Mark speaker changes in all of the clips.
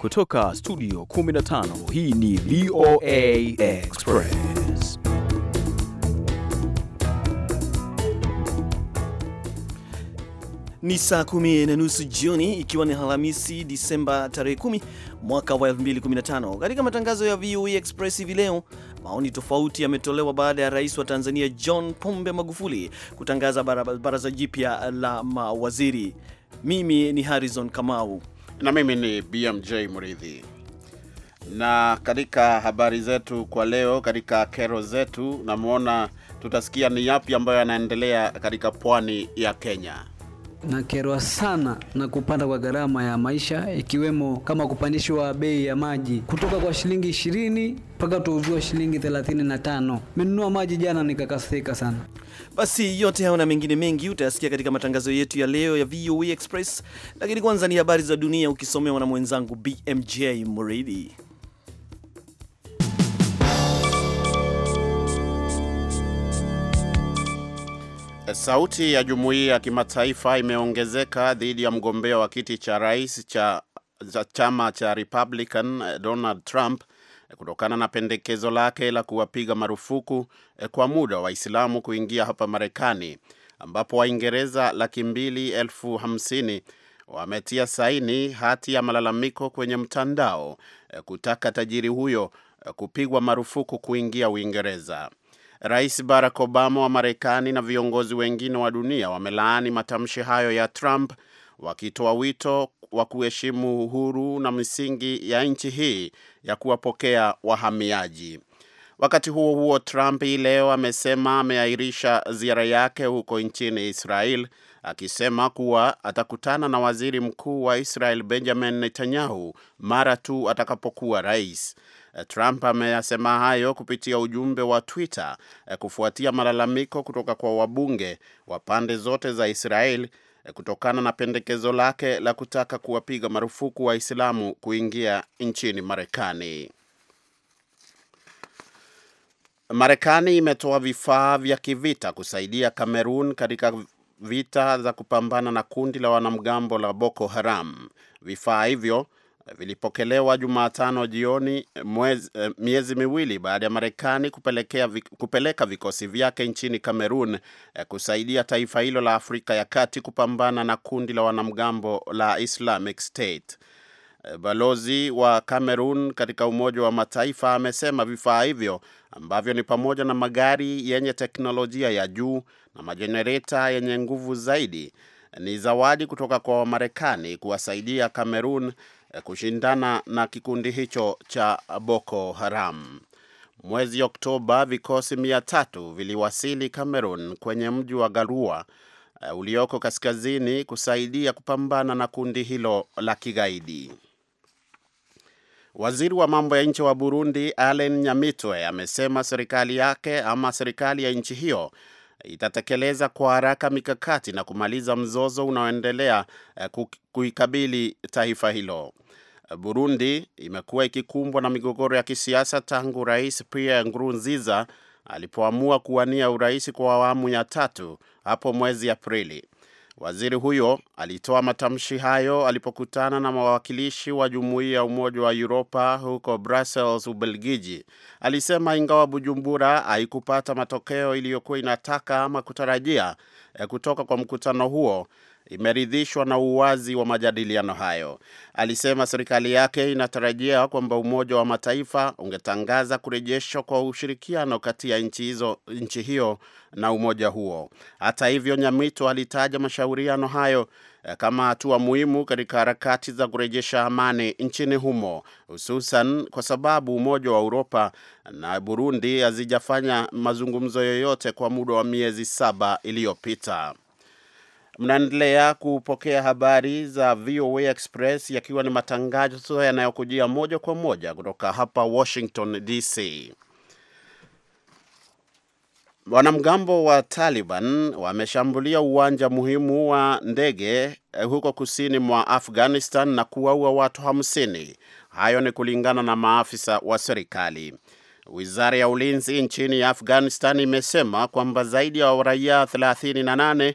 Speaker 1: Kutoka studio 15 hii ni VOA Express. Ni saa kumi na nusu jioni ikiwa ni Alhamisi Disemba tarehe 10 mwaka wa 2015. Katika matangazo ya VOA Express hivi leo, maoni tofauti yametolewa baada ya rais wa Tanzania John Pombe Magufuli kutangaza baraza jipya la mawaziri.
Speaker 2: Mimi ni Harrison Kamau na mimi ni BMJ Mridhi. Na katika habari zetu kwa leo, katika kero zetu, namwona tutasikia ni yapi ambayo yanaendelea katika pwani ya Kenya.
Speaker 3: Nakerwa sana na kupanda kwa gharama ya maisha ikiwemo kama kupandishwa bei ya maji kutoka kwa shilingi ishirini mpaka tuuziwa shilingi thelathini na tano. Menunua maji jana nikakasirika sana.
Speaker 1: Basi yote hayo na mengine mengi utayasikia katika matangazo yetu ya leo ya VOA Express, lakini kwanza ni habari za dunia ukisomewa na mwenzangu BMJ Muridi.
Speaker 2: Sauti ya jumuiya ya kimataifa imeongezeka dhidi ya mgombea wa kiti cha rais cha chama cha Republican Donald Trump kutokana na pendekezo lake la kuwapiga marufuku eh, kwa muda Waislamu kuingia hapa Marekani, ambapo Waingereza laki mbili elfu hamsini wametia saini hati ya malalamiko kwenye mtandao eh, kutaka tajiri huyo eh, kupigwa marufuku kuingia Uingereza. Rais Barack Obama wa Marekani na viongozi wengine wa dunia wamelaani matamshi hayo ya Trump wakitoa wito wa kuheshimu uhuru na misingi ya nchi hii ya kuwapokea wahamiaji. Wakati huo huo, Trump hii leo amesema ameahirisha ziara yake huko nchini Israel, akisema kuwa atakutana na waziri mkuu wa Israel Benjamin Netanyahu mara tu atakapokuwa rais. Trump ameyasema hayo kupitia ujumbe wa Twitter kufuatia malalamiko kutoka kwa wabunge wa pande zote za Israel Eh, kutokana na pendekezo lake la kutaka kuwapiga marufuku Waislamu kuingia nchini Marekani. Marekani imetoa vifaa vya kivita kusaidia Kamerun katika vita za kupambana na kundi la wanamgambo la Boko Haram. Vifaa hivyo vilipokelewa Jumatano jioni mwezi, eh, miezi miwili baada ya Marekani kupeleka vikosi vyake nchini Kamerun eh, kusaidia taifa hilo la Afrika ya Kati kupambana na kundi la wanamgambo la Islamic State. Eh, balozi wa Kamerun katika Umoja wa Mataifa amesema vifaa hivyo ambavyo ni pamoja na magari yenye teknolojia ya juu na majenereta yenye nguvu zaidi ni zawadi kutoka kwa Wamarekani kuwasaidia Kamerun Eh, kushindana na kikundi hicho cha Boko Haram. Mwezi Oktoba, vikosi mia tatu viliwasili Cameroon kwenye mji wa Garua eh, ulioko kaskazini kusaidia kupambana na kundi hilo la kigaidi. Waziri wa mambo ya nje wa Burundi Alain Nyamitwe amesema serikali yake ama serikali ya nchi hiyo itatekeleza kwa haraka mikakati na kumaliza mzozo unaoendelea eh, kuikabili taifa hilo. Burundi imekuwa ikikumbwa na migogoro ya kisiasa tangu Rais Pierre Nkurunziza alipoamua kuwania urais kwa awamu ya tatu hapo mwezi Aprili. Waziri huyo alitoa matamshi hayo alipokutana na mawakilishi wa jumuiya ya Umoja wa Uropa huko Brussels, Ubelgiji. Alisema ingawa Bujumbura haikupata matokeo iliyokuwa inataka ama kutarajia eh, kutoka kwa mkutano huo, imeridhishwa na uwazi wa majadiliano hayo. Alisema serikali yake inatarajia kwamba Umoja wa Mataifa ungetangaza kurejeshwa kwa ushirikiano kati ya nchi hizo, nchi hiyo na umoja huo. Hata hivyo, Nyamito alitaja mashauriano hayo eh, kama hatua muhimu katika harakati za kurejesha amani nchini humo, hususan kwa sababu Umoja wa Uropa na Burundi hazijafanya mazungumzo yoyote kwa muda wa miezi saba iliyopita. Mnaendelea kupokea habari za VOA Express yakiwa ni matangazo yanayokujia moja kwa moja kutoka hapa Washington DC. Wanamgambo wa Taliban wameshambulia uwanja muhimu wa ndege eh, huko kusini mwa Afghanistan na kuwaua watu hamsini. Hayo ni kulingana na maafisa wa serikali. Wizara ya ulinzi nchini Afghanistan imesema kwamba zaidi ya raia 38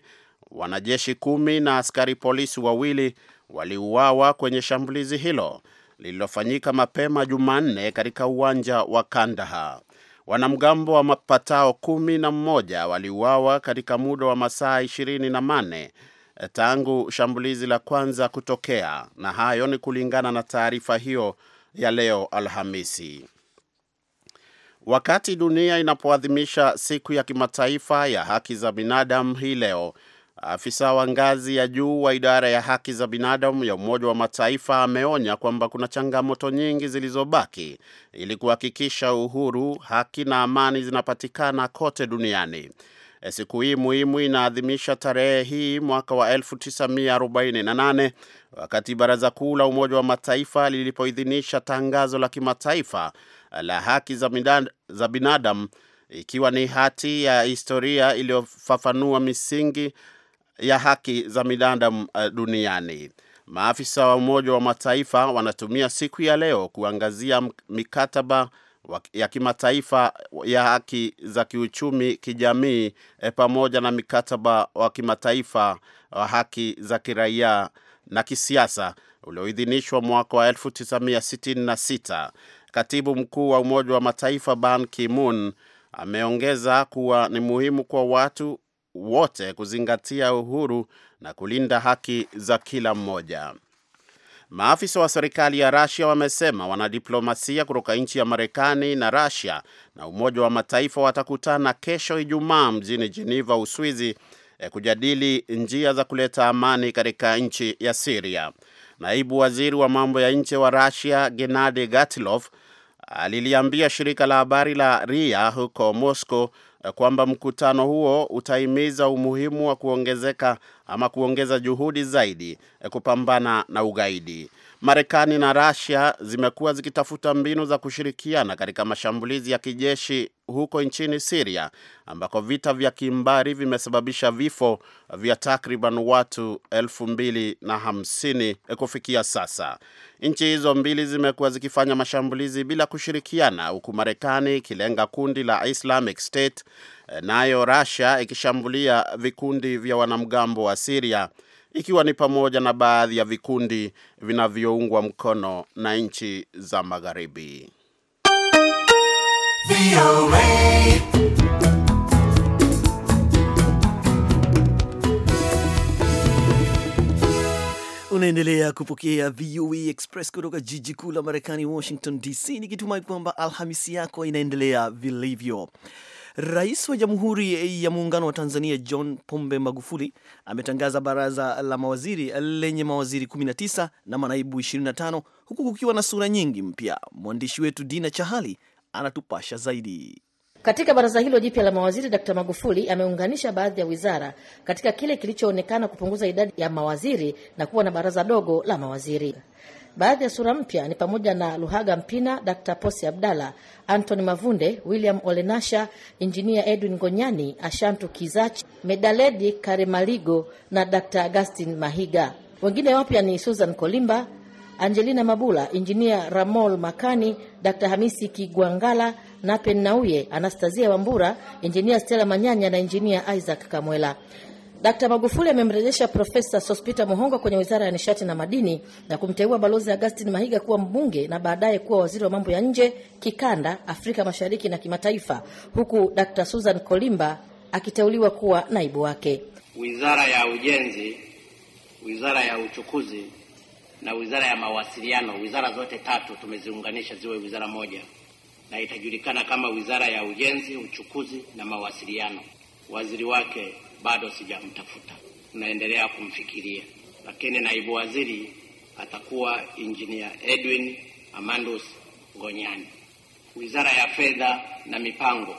Speaker 2: Wanajeshi kumi na askari polisi wawili waliuawa kwenye shambulizi hilo lililofanyika mapema Jumanne katika uwanja wa kandaha Wanamgambo wa mapatao kumi na mmoja waliuawa katika muda wa masaa ishirini na manne eh, tangu shambulizi la kwanza kutokea, na hayo ni kulingana na taarifa hiyo ya leo Alhamisi. Wakati dunia inapoadhimisha siku ya kimataifa ya haki za binadamu hii leo, Afisa wa ngazi ya juu wa idara ya haki za binadamu ya Umoja wa Mataifa ameonya kwamba kuna changamoto nyingi zilizobaki ili kuhakikisha uhuru, haki na amani zinapatikana kote duniani. E, siku hii muhimu inaadhimisha tarehe hii mwaka wa 1948 wakati Baraza Kuu la Umoja wa Mataifa lilipoidhinisha tangazo la kimataifa la haki za binadamu ikiwa ni hati ya historia iliyofafanua misingi ya haki za binadamu uh, duniani. Maafisa wa Umoja wa Mataifa wanatumia siku ya leo kuangazia mikataba ya kimataifa ya haki za kiuchumi, kijamii, eh, pamoja na mikataba wa kimataifa wa uh, haki za kiraia na kisiasa ulioidhinishwa mwaka wa 1966. Katibu mkuu wa Umoja wa Mataifa Ban Ki-moon ameongeza kuwa ni muhimu kwa watu wote kuzingatia uhuru na kulinda haki za kila mmoja. Maafisa wa serikali ya rasia wamesema wanadiplomasia kutoka nchi ya Marekani na rasia na Umoja wa Mataifa watakutana kesho Ijumaa mjini jeneva Uswizi e, kujadili njia za kuleta amani katika nchi ya siria Naibu waziri wa mambo ya nje wa rasia Gennady Gatilov aliliambia shirika la habari la Ria huko Moscow Eh, kwamba mkutano huo utahimiza umuhimu wa kuongezeka ama kuongeza juhudi zaidi eh, kupambana na ugaidi. Marekani na Russia zimekuwa zikitafuta mbinu za kushirikiana katika mashambulizi ya kijeshi huko nchini Syria ambako vita vya kimbari vimesababisha vifo vya takriban watu elfu kufikia sasa. Nchi hizo mbili zimekuwa zikifanya mashambulizi bila kushirikiana, huku Marekani ikilenga kundi la Islamic State, nayo Russia ikishambulia vikundi vya wanamgambo wa Syria ikiwa ni pamoja na baadhi ya vikundi vinavyoungwa mkono na nchi za magharibi.
Speaker 1: Unaendelea kupokea VOA Express kutoka jiji kuu la Marekani, Washington DC, nikitumai kwamba Alhamisi yako inaendelea vilivyo. Rais wa Jamhuri ya Muungano wa Tanzania John Pombe Magufuli ametangaza baraza la mawaziri lenye mawaziri 19 na manaibu 25 huku kukiwa na sura nyingi mpya. Mwandishi wetu Dina Chahali anatupasha zaidi.
Speaker 4: Katika baraza hilo jipya la mawaziri, Dkt Magufuli ameunganisha baadhi ya wizara katika kile kilichoonekana kupunguza idadi ya mawaziri na kuwa na baraza dogo la mawaziri. Baadhi ya sura mpya ni pamoja na Luhaga Mpina, Dr. Posi Abdalla, Anthony Mavunde, William Olenasha, Injinia Edwin Ngonyani, Ashantu Kizachi, Medaledi Karemaligo na Dr. Augustin Mahiga. Wengine wapya ni Susan Kolimba, Angelina Mabula, Injinia Ramol Makani, Dr. Hamisi Kigwangala, Napen Nauye, anastazia Wambura, Injinia Stella Manyanya na Injinia Isaac Kamwela. Dkt. Magufuli amemrejesha Profesa Sospita Muhongo kwenye Wizara ya Nishati na Madini na kumteua Balozi Augustine Mahiga kuwa mbunge na baadaye kuwa waziri wa mambo ya nje kikanda, Afrika Mashariki na kimataifa, huku Dkt. Susan Kolimba akiteuliwa kuwa naibu wake.
Speaker 5: Wizara ya Ujenzi, Wizara ya Uchukuzi na Wizara ya Mawasiliano, wizara zote tatu tumeziunganisha ziwe wizara moja na itajulikana kama Wizara ya Ujenzi, Uchukuzi na Mawasiliano. Waziri wake bado sijamtafuta, naendelea kumfikiria, lakini naibu waziri atakuwa Injinia Edwin Amandus Ngonyani. Wizara ya Fedha na Mipango,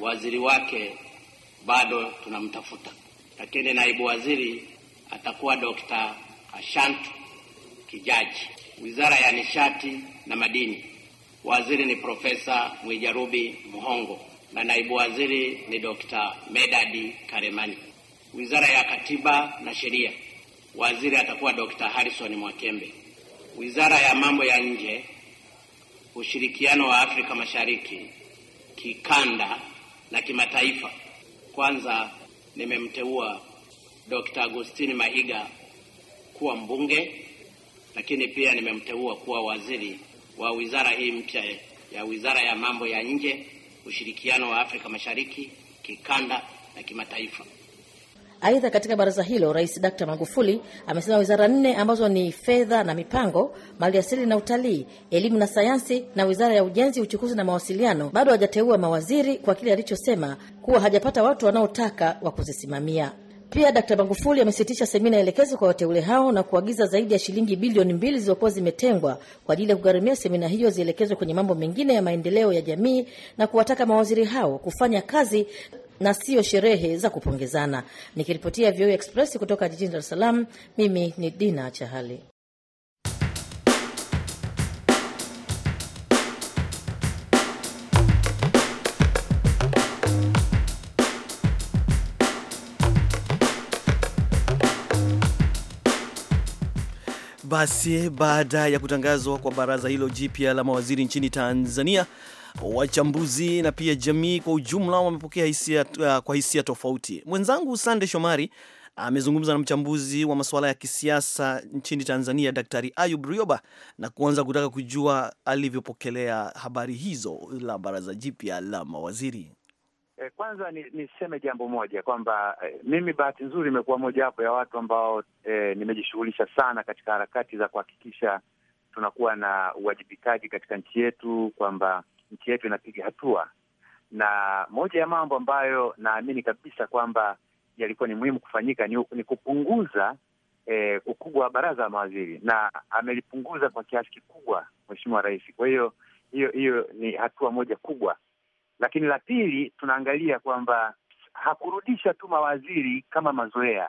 Speaker 5: waziri wake bado tunamtafuta, lakini naibu waziri atakuwa Dr. Ashantu Kijaji. Wizara ya Nishati na Madini, waziri ni Profesa Mwijarubi Mhongo na naibu waziri ni Dr. Medadi Karemani. Wizara ya Katiba na Sheria, waziri atakuwa Dr. Harrison Mwakembe. Wizara ya Mambo ya Nje, Ushirikiano wa Afrika Mashariki, Kikanda na Kimataifa, kwanza nimemteua Dr. Agustini Mahiga kuwa mbunge, lakini pia nimemteua kuwa waziri wa wizara hii mpya ya Wizara ya Mambo ya Nje ushirikiano wa Afrika Mashariki, kikanda na kimataifa.
Speaker 4: Aidha, katika baraza hilo Rais Dkt Magufuli amesema wizara nne ambazo ni fedha na mipango, maliasili na utalii, elimu na sayansi na wizara ya ujenzi, uchukuzi na mawasiliano bado hajateua mawaziri kwa kile alichosema kuwa hajapata watu wanaotaka wa kuzisimamia. Pia Dkt. Magufuli amesitisha semina elekezi kwa wateule hao na kuagiza zaidi ya shilingi bilioni mbili zilizokuwa zimetengwa kwa ajili ya kugharamia semina hiyo zielekezwe kwenye mambo mengine ya maendeleo ya jamii na kuwataka mawaziri hao kufanya kazi na sio sherehe za kupongezana. Nikiripotia VOA e Express kutoka jijini Dar es Salaam, mimi ni Dina Chahali.
Speaker 1: Basi baada ya kutangazwa kwa baraza hilo jipya la mawaziri nchini Tanzania, wachambuzi na pia jamii kwa ujumla wamepokea hisia, uh, kwa hisia tofauti. Mwenzangu Sande Shomari amezungumza na mchambuzi wa masuala ya kisiasa nchini Tanzania, Daktari Ayub Rioba, na kuanza kutaka kujua alivyopokelea habari hizo la baraza jipya la mawaziri.
Speaker 6: Eh, kwanza niseme ni jambo moja kwamba eh, mimi bahati nzuri imekuwa mojawapo ya watu ambao eh, nimejishughulisha sana katika harakati za kuhakikisha tunakuwa na uwajibikaji katika nchi yetu, kwamba nchi yetu inapiga hatua, na moja ya mambo ambayo naamini kabisa kwamba yalikuwa ni muhimu kufanyika ni, ni kupunguza eh, ukubwa wa baraza la mawaziri, na amelipunguza kwa kiasi kikubwa Mheshimiwa Rais. Kwa hiyo hiyo hiyo ni hatua moja kubwa lakini la pili, tunaangalia kwamba hakurudisha tu mawaziri kama mazoea,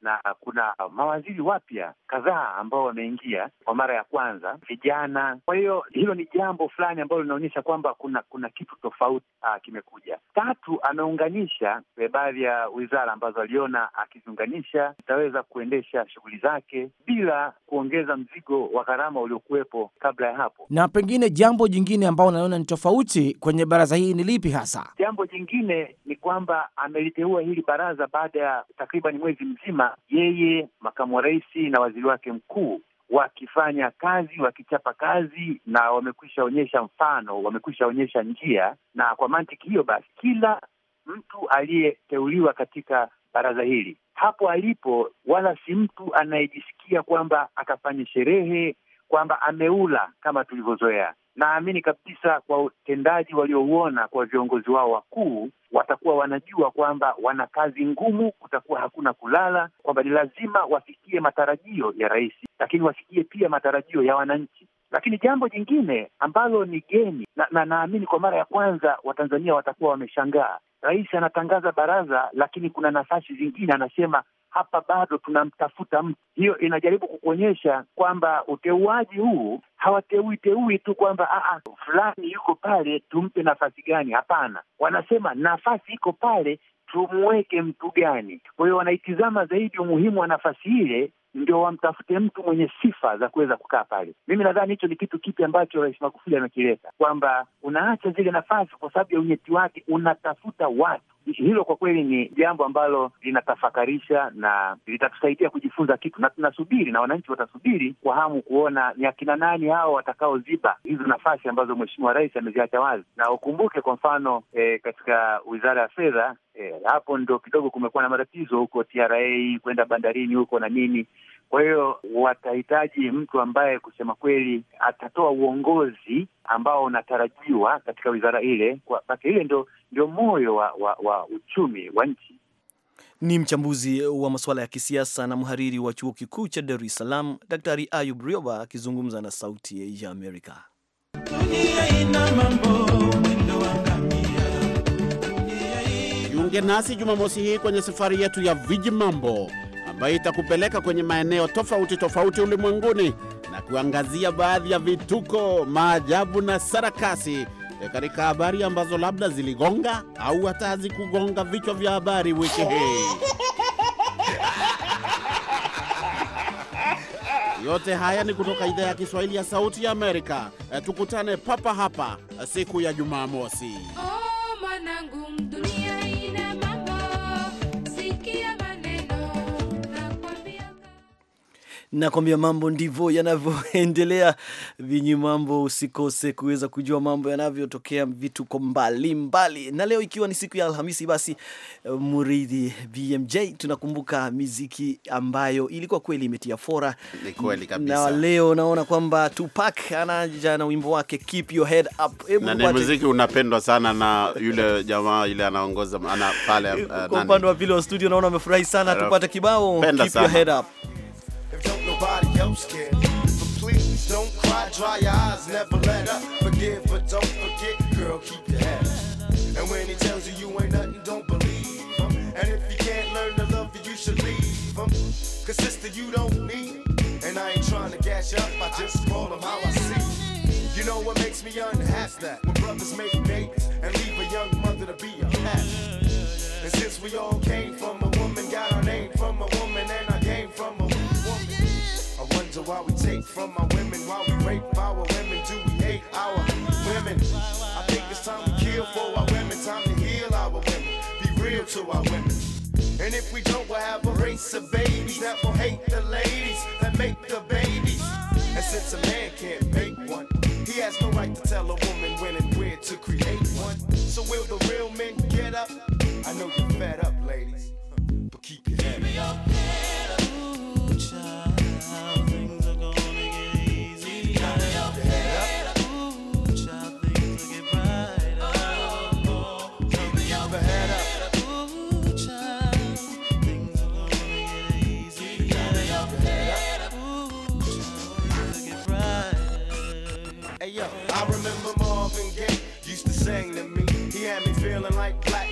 Speaker 6: na kuna mawaziri wapya kadhaa ambao wameingia kwa mara ya kwanza, vijana. Kwa hiyo hilo ni jambo fulani ambalo linaonyesha kwamba kuna kuna kitu tofauti aa, ah, kimekuja. Tatu, ameunganisha eh, baadhi ya wizara ambazo aliona akiziunganisha itaweza kuendesha shughuli zake bila kuongeza mzigo wa gharama uliokuwepo kabla ya hapo.
Speaker 5: Na pengine jambo jingine ambao unaona ni tofauti kwenye baraza hii ni lipi hasa?
Speaker 6: Jambo jingine ni kwamba ameliteua hili baraza baada ya takriban mwezi mzima, yeye makamu wa rais na waziri waziri wake mkuu wakifanya kazi, wakichapa kazi, na wamekwisha onyesha mfano, wamekwisha onyesha njia. Na kwa mantiki hiyo basi, kila mtu aliyeteuliwa katika baraza hili hapo alipo, wala si mtu anayejisikia kwamba akafanye sherehe, kwamba ameula kama tulivyozoea naamini kabisa kwa utendaji waliouona kwa viongozi wao wakuu, watakuwa wanajua kwamba wana kazi ngumu, kutakuwa hakuna kulala, kwamba ni lazima wafikie matarajio ya rais, lakini wafikie pia matarajio ya wananchi. Lakini jambo jingine ambalo ni geni na, na naamini kwa mara ya kwanza Watanzania watakuwa wameshangaa, rais anatangaza baraza, lakini kuna nafasi zingine anasema hapa bado tunamtafuta mtu. Hiyo inajaribu kukuonyesha kwamba uteuaji huu hawateui teui tu kwamba ah, ah, fulani yuko pale tumpe nafasi gani. Hapana, wanasema nafasi iko pale tumweke mtu gani. Kwa hiyo wanaitizama zaidi umuhimu wa nafasi ile ndio wamtafute mtu mwenye sifa za kuweza kukaa pale. Mimi nadhani hicho ni kitu kipi ambacho Rais Magufuli amekileta kwamba unaacha zile nafasi kwa sababu ya unyeti wake, unatafuta watu hilo kwa kweli ni jambo ambalo linatafakarisha na litatusaidia kujifunza kitu, na tunasubiri na wananchi watasubiri kwa hamu kuona ni akina nani hao watakaoziba hizo nafasi ambazo Mheshimiwa Rais ameziacha wazi. Na ukumbuke kwa mfano e, katika Wizara ya Fedha e, hapo ndo kidogo kumekuwa na matatizo huko TRA kwenda bandarini huko na nini kwa hiyo watahitaji mtu ambaye kusema kweli atatoa uongozi ambao unatarajiwa katika wizara ile, kwa hile ile ndio ndio moyo wa, wa, wa uchumi wa nchi.
Speaker 1: Ni mchambuzi wa masuala ya kisiasa na mhariri wa chuo kikuu cha Dar es Salaam, Daktari Ayub Rioba akizungumza na Sauti ya Amerika.
Speaker 2: Jiunge nasi Jumamosi hii kwenye safari yetu ya Vijimambo ambayo itakupeleka kwenye maeneo tofauti tofauti ulimwenguni na kuangazia baadhi ya vituko, maajabu na sarakasi e, katika habari ambazo labda ziligonga au hata hazikugonga vichwa vya habari wiki hii. Yote haya ni kutoka idhaa ya Kiswahili ya Sauti ya Amerika. E, tukutane papa hapa siku ya Jumamosi.
Speaker 3: Oh,
Speaker 1: Nakwambia mambo ndivyo yanavyoendelea vinyi mambo. Usikose kuweza kujua mambo yanavyotokea vitu kwa mbali mbali, na leo ikiwa ni siku ya Alhamisi, basi eh, muridhi BMJ, tunakumbuka miziki ambayo ilikuwa kweli imetia fora. Ni kweli kabisa, na leo naona kwamba Tupac anaja na wimbo wake Keep Your Head Up. Hebu na ni muziki
Speaker 2: unapendwa sana na yule jamaa yule anaongoza ana pale, uh, kwa upande
Speaker 1: wa pili wa studio naona amefurahi sana. Tupate kibao Keep Your Head Up. But please don't cry, dry your eyes, never let up. Forgive, but don't forget, girl, keep the head up. And when he tells you you ain't nothing,
Speaker 7: don't believe him. And if you can't learn to love you, you should leave him. Cause sister, you don't need. And I ain't trying to gash up, I just call him how I see. You know what makes me unhappy? That when brothers make babies and leave a young mother to be a mess. And since we all came from take from my women while we rape our women? Do we hate our women? I think it's time to kill for our women, time to heal our women, be real to our women. And if we don't, we'll have a race of babies that will hate the ladies that make the babies. And since a man can't make one, he has no right to tell a woman when and where to create one. So will the real sang to me. He had me feeling like black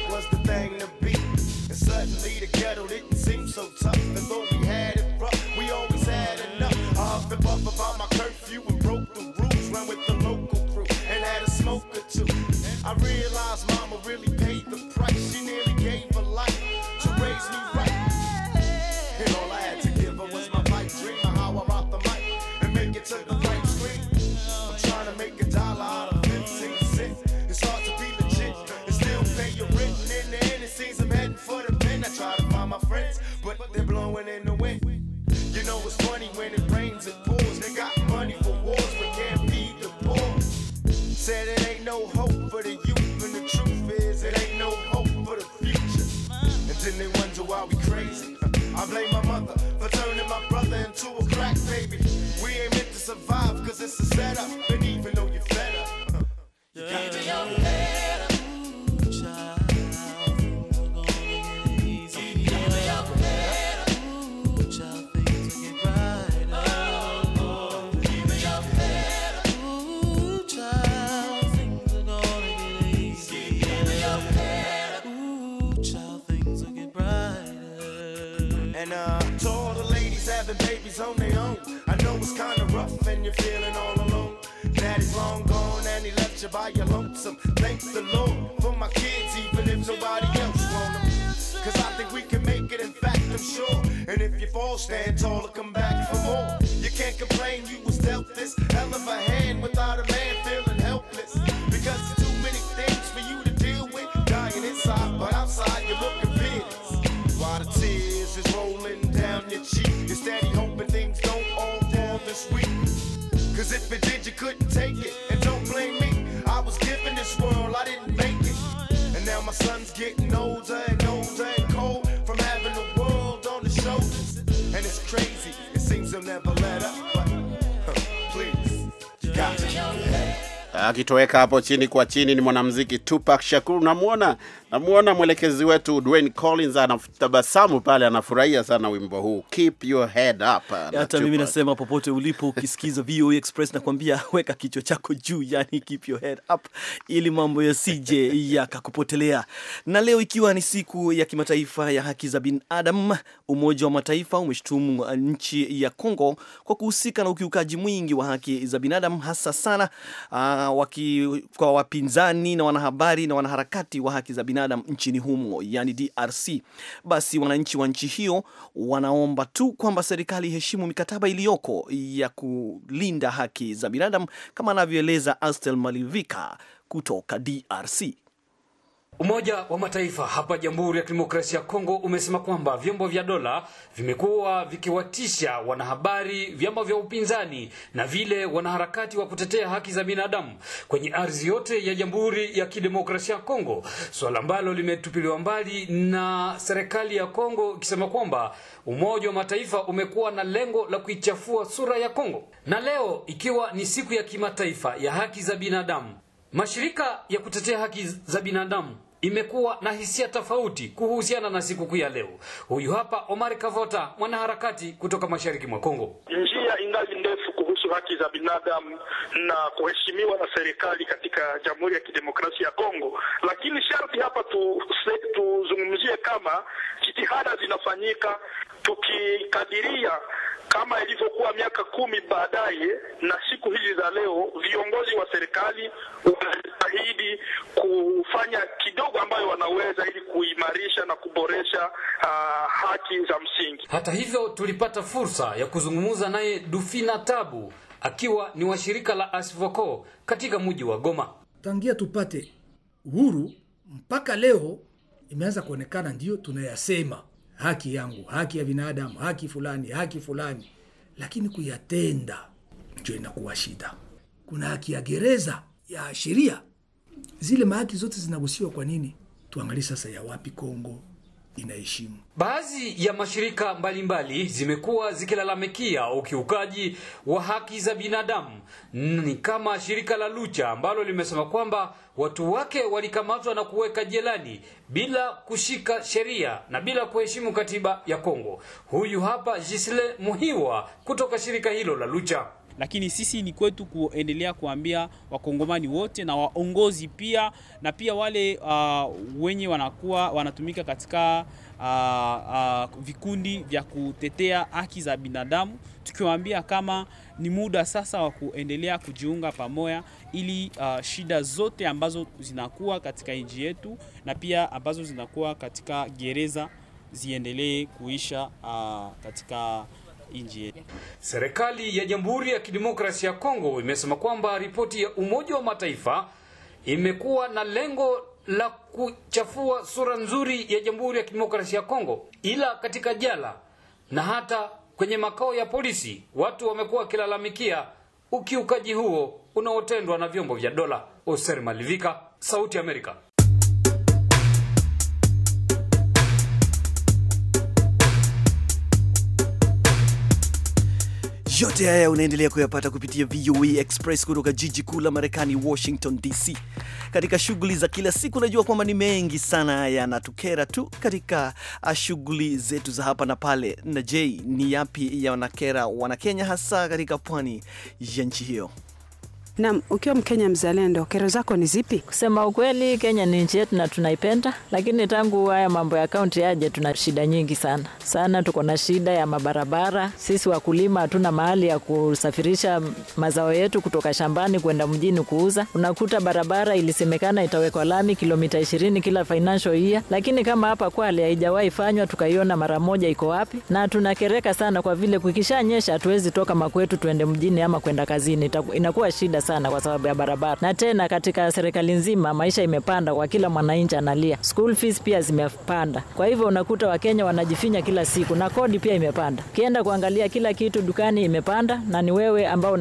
Speaker 7: babies on their own. I know it's kinda rough and you're feeling all alone. Daddy's long gone and he left you by your lonesome. Thanks the Lord for my kids, even if nobody else want them. Cause I think we can make it, in fact, I'm sure. And if you fall, stand tall and come back for more. You can't complain, you was dealt this hell of a hand without a man feeling helpless. Cause if it did, you couldn't take it. And don't blame me, I was given this world, I didn't make
Speaker 2: it. And now my son's getting older and older and cold from having the world on his shoulders. And it's crazy, it seems he'll never let up. Akitoweka hapo chini kwa chini ni mwanamziki Tupac Shakur, unamwona Namuona mwelekezi wetu Dwayne Collins anatabasamu pale, anafurahia sana wimbo huu Keep Your Head Up. Hata mimi nasema
Speaker 1: popote ulipo ukisikiza VOA Express nakwambia weka kichwa chako juu, yani keep your head up, ili mambo yasije yakakupotelea. Na leo ikiwa ni siku ya kimataifa ya haki za binadamu, Umoja wa Mataifa umeshutumu nchi ya Kongo kwa kuhusika na ukiukaji mwingi wa haki za binadamu, hasa sana uh, waki, kwa wapinzani na wanahabari na wanaharakati wa haki za binadamu binadamu nchini humo, yani DRC. Basi wananchi wa nchi hiyo wanaomba tu kwamba serikali iheshimu mikataba iliyoko ya kulinda haki za binadamu, kama anavyoeleza Astel
Speaker 3: Malivika kutoka DRC. Umoja wa Mataifa hapa Jamhuri ya Kidemokrasia ya Kongo umesema kwamba vyombo vya dola vimekuwa vikiwatisha wanahabari, vyama vya upinzani na vile wanaharakati wa kutetea haki za binadamu kwenye ardhi yote ya Jamhuri ya Kidemokrasia ya Kongo, swala ambalo limetupiliwa mbali na serikali ya Kongo ikisema kwamba Umoja wa Mataifa umekuwa na lengo la kuichafua sura ya Kongo. Na leo ikiwa ni siku ya kimataifa ya haki za binadamu, mashirika ya kutetea haki za binadamu imekuwa na hisia tofauti kuhusiana na sikukuu ya leo. Huyu hapa Omar Kavota, mwanaharakati kutoka mashariki mwa Kongo. Njia ingali ndefu kuhusu haki za binadamu na kuheshimiwa na serikali
Speaker 1: katika Jamhuri ya Kidemokrasia ya Kongo, lakini sharti hapa tuzungumzie kama jitihada zinafanyika tukikadiria kama ilivyokuwa miaka kumi baadaye na siku hizi za leo, viongozi wa serikali kujitahidi kufanya kidogo ambayo wanaweza ili kuimarisha na
Speaker 3: kuboresha uh, haki za msingi. Hata hivyo, tulipata fursa ya kuzungumza naye Dufina Tabu akiwa ni washirika la Asivoko katika mji wa Goma. Tangia tupate uhuru mpaka leo imeanza kuonekana, ndiyo tunayasema haki yangu, haki ya binadamu, haki fulani, haki fulani, lakini kuyatenda ndio inakuwa shida. Kuna haki ya gereza ya sheria zile mahaki zote zinagusiwa. Kwa nini? Tuangalie sasa ya wapi Kongo inaheshimu. Baadhi ya mashirika mbalimbali zimekuwa zikilalamikia ukiukaji wa haki za binadamu. Ni kama shirika la Lucha ambalo limesema kwamba watu wake walikamatwa na kuweka jelani bila kushika sheria na bila kuheshimu katiba ya Kongo. Huyu hapa Jisle Muhiwa
Speaker 2: kutoka shirika hilo la Lucha lakini sisi ni kwetu kuendelea kuambia wakongomani wote na waongozi pia na pia wale uh, wenye wanakuwa wanatumika katika uh, uh, vikundi vya kutetea haki za binadamu,
Speaker 3: tukiwaambia kama ni muda sasa wa kuendelea kujiunga pamoja ili uh,
Speaker 2: shida zote ambazo zinakuwa katika nchi yetu na pia ambazo zinakuwa katika gereza ziendelee kuisha uh, katika nchi yetu.
Speaker 3: Serikali ya Jamhuri ya Kidemokrasia ya Kongo imesema kwamba ripoti ya Umoja wa Mataifa imekuwa na lengo la kuchafua sura nzuri ya Jamhuri ya Kidemokrasia ya Kongo, ila katika jala na hata kwenye makao ya polisi watu wamekuwa wakilalamikia ukiukaji huo unaotendwa na vyombo vya dola. Oser Malivika, Sauti ya Amerika.
Speaker 1: Yote haya unaendelea kuyapata kupitia VOA Express kutoka jiji kuu la Marekani, Washington DC. Katika shughuli za kila siku, najua kwamba ni mengi sana yanatukera tu katika ah, shughuli zetu za hapa na pale. Na je, ni yapi yanakera Wanakenya, hasa katika pwani ya nchi hiyo?
Speaker 8: Naam, ukiwa Mkenya mzalendo, kero zako ni zipi? Kusema ukweli, Kenya ni nchi yetu na tunaipenda, lakini tangu haya mambo ya kaunti yaje, tuna shida nyingi sana sana. Tuko na shida ya mabarabara. Sisi wakulima hatuna mahali ya kusafirisha mazao yetu kutoka shambani kwenda mjini kuuza. Unakuta barabara ilisemekana itawekwa lami kilomita ishirini kila financial year, lakini kama hapa Kwale haijawahi fanywa, tukaiona mara moja, iko wapi? Na tunakereka sana kwa vile kukishanyesha hatuwezi toka makwetu tuende mjini ama kwenda kazini, inakuwa shida sana sana kwa sababu ya barabara, na tena katika serikali nzima maisha imepanda kwa kila mwananchi analia. School fees pia zimepanda, kwa hivyo unakuta Wakenya wanajifinya kila siku, na kodi pia imepanda. Ukienda kuangalia kila kitu dukani imepanda, na ni wewe ambao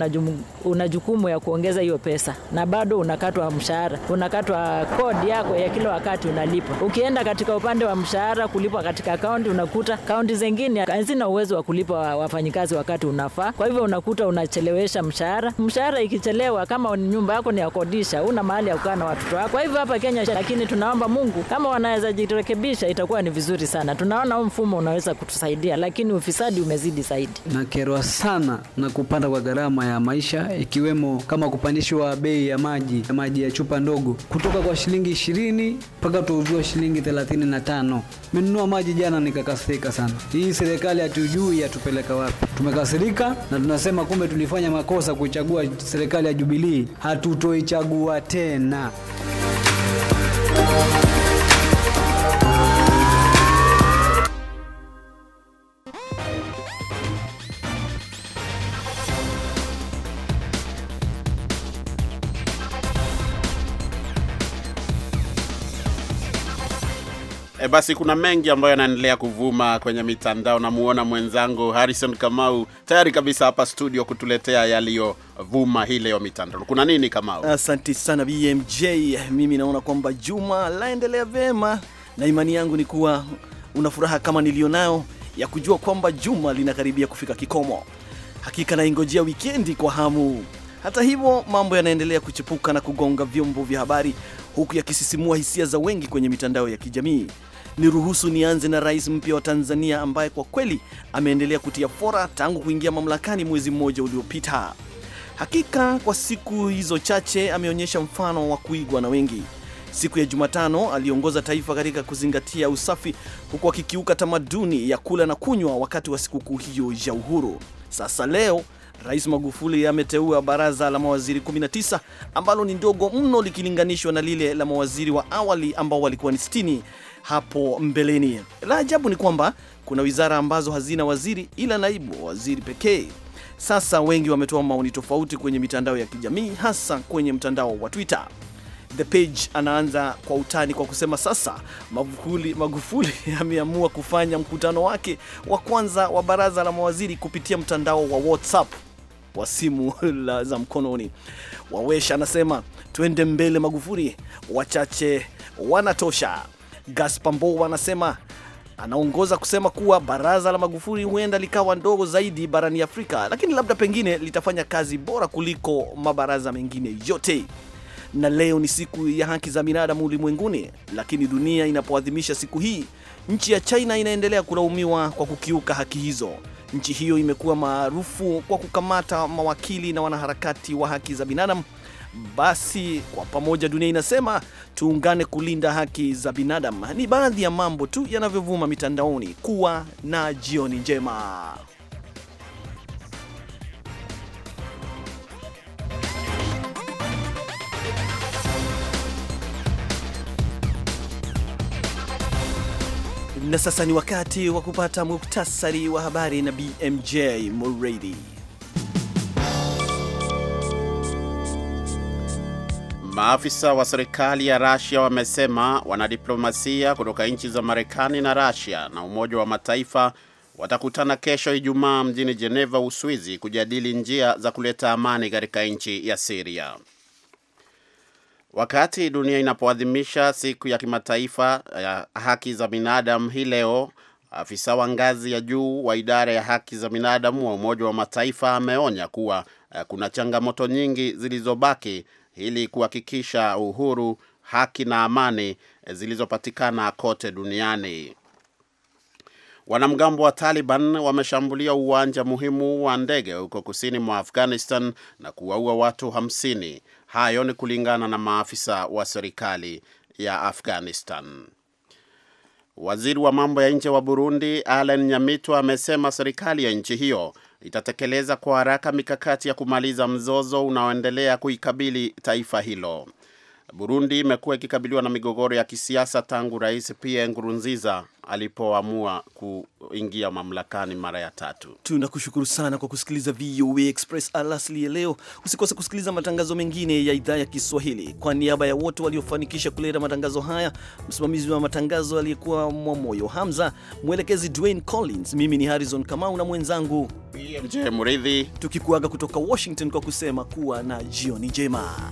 Speaker 8: una jukumu ya kuongeza hiyo pesa, na bado unakatwa mshahara, unakatwa kodi yako ya kila wakati unalipa. Ukienda katika upande wa mshahara kulipwa katika kaunti, unakuta kaunti zengine hazina uwezo wa kulipa wafanyikazi wakati unafaa, kwa hivyo unakuta unachelewesha mshahara. Mshahara ikichelewa unapewa kama nyumba yako ni ya kodisha, una mahali ya kukaa na watoto wako. Kwa hivyo hapa Kenya, lakini tunaomba Mungu kama wanaweza jirekebisha, itakuwa ni vizuri sana. Tunaona huu mfumo unaweza kutusaidia, lakini ufisadi umezidi zaidi.
Speaker 3: Nakerwa sana na kupanda kwa gharama ya maisha, ikiwemo kama kupandishwa bei ya maji ya maji ya chupa ndogo kutoka kwa shilingi ishirini mpaka tuuziwa shilingi thelathini na tano. Menunua maji jana nikakasirika sana. Hii serikali hatujui yatupeleka wapi. Tumekasirika na tunasema kumbe tulifanya makosa kuchagua serikali ya Jubilee hatutoichagua tena.
Speaker 2: Eh, basi kuna mengi ambayo yanaendelea kuvuma kwenye mitandao. Namuona mwenzangu Harrison Kamau tayari kabisa hapa studio kutuletea yaliyovuma hii leo mitandao. Kuna nini Kamau?
Speaker 1: Asante sana BMJ. Mimi naona kwamba juma laendelea vyema, na imani yangu ni kuwa una furaha kama nilionayo ya kujua kwamba juma linakaribia kufika kikomo. Hakika naingojea wikendi kwa hamu. Hata hivyo mambo yanaendelea kuchepuka na kugonga vyombo vya habari huku yakisisimua hisia za wengi kwenye mitandao ya kijamii. Niruhusu nianze na rais mpya wa Tanzania ambaye kwa kweli ameendelea kutia fora tangu kuingia mamlakani mwezi mmoja uliopita. Hakika kwa siku hizo chache ameonyesha mfano wa kuigwa na wengi. Siku ya Jumatano aliongoza taifa katika kuzingatia usafi huku akikiuka tamaduni ya kula na kunywa wakati wa sikukuu hiyo ya uhuru. Sasa leo Rais Magufuli ameteua baraza la mawaziri 19 ambalo ni ndogo mno likilinganishwa na lile la mawaziri wa awali ambao walikuwa ni hapo mbeleni. La ajabu ni kwamba kuna wizara ambazo hazina waziri ila naibu waziri pekee. Sasa wengi wametoa maoni tofauti kwenye mitandao ya kijamii, hasa kwenye mtandao wa Twitter. The Page anaanza kwa utani kwa kusema sasa Magufuli, Magufuli ameamua kufanya mkutano wake wa kwanza wa baraza la mawaziri kupitia mtandao wa WhatsApp wa simu za mkononi. Wawesha anasema twende mbele Magufuli, wachache wanatosha. Gaspar Mbowe anasema anaongoza kusema kuwa baraza la Magufuli huenda likawa ndogo zaidi barani Afrika, lakini labda pengine litafanya kazi bora kuliko mabaraza mengine yote. Na leo ni siku ya haki za binadamu ulimwenguni, lakini dunia inapoadhimisha siku hii, nchi ya China inaendelea kulaumiwa kwa kukiuka haki hizo. Nchi hiyo imekuwa maarufu kwa kukamata mawakili na wanaharakati wa haki za binadamu basi kwa pamoja dunia inasema tuungane kulinda haki za binadamu. Ni baadhi ya mambo tu yanavyovuma mitandaoni. Kuwa na jioni njema. Na sasa ni wakati wa kupata muktasari wa habari na BMJ muredi
Speaker 2: Maafisa wa serikali ya rasia wamesema wanadiplomasia kutoka nchi za Marekani na rasia na Umoja wa Mataifa watakutana kesho Ijumaa mjini jeneva Uswizi, kujadili njia za kuleta amani katika nchi ya Siria. Wakati dunia inapoadhimisha siku ya kimataifa ya haki za binadamu hii leo, afisa wa ngazi ya juu wa idara ya haki za binadamu wa Umoja wa Mataifa ameonya kuwa eh, kuna changamoto nyingi zilizobaki ili kuhakikisha uhuru, haki na amani zilizopatikana kote duniani. Wanamgambo wa Taliban wameshambulia uwanja muhimu wa ndege huko kusini mwa Afghanistan na kuwaua watu hamsini. Hayo ni kulingana na maafisa wa serikali ya Afghanistan. Waziri wa mambo ya nje wa Burundi Alain Nyamitwa amesema serikali ya nchi hiyo itatekeleza kwa haraka mikakati ya kumaliza mzozo unaoendelea kuikabili taifa hilo. Burundi imekuwa ikikabiliwa na migogoro ya kisiasa tangu Rais Pierre Nkurunziza alipoamua kuingia mamlakani mara ya tatu.
Speaker 1: Tunakushukuru sana kwa kusikiliza VOA Express alasli ya leo. Usikose kusikiliza matangazo mengine ya idhaa ya Kiswahili. Kwa niaba ya wote waliofanikisha kuleta matangazo haya, msimamizi wa matangazo aliyekuwa Mwamoyo Hamza, mwelekezi Dwayne Collins, mimi ni Harrison Kamau na mwenzangu
Speaker 2: BMJ Mridhi,
Speaker 1: tukikuaga kutoka Washington kwa kusema kuwa na jioni njema.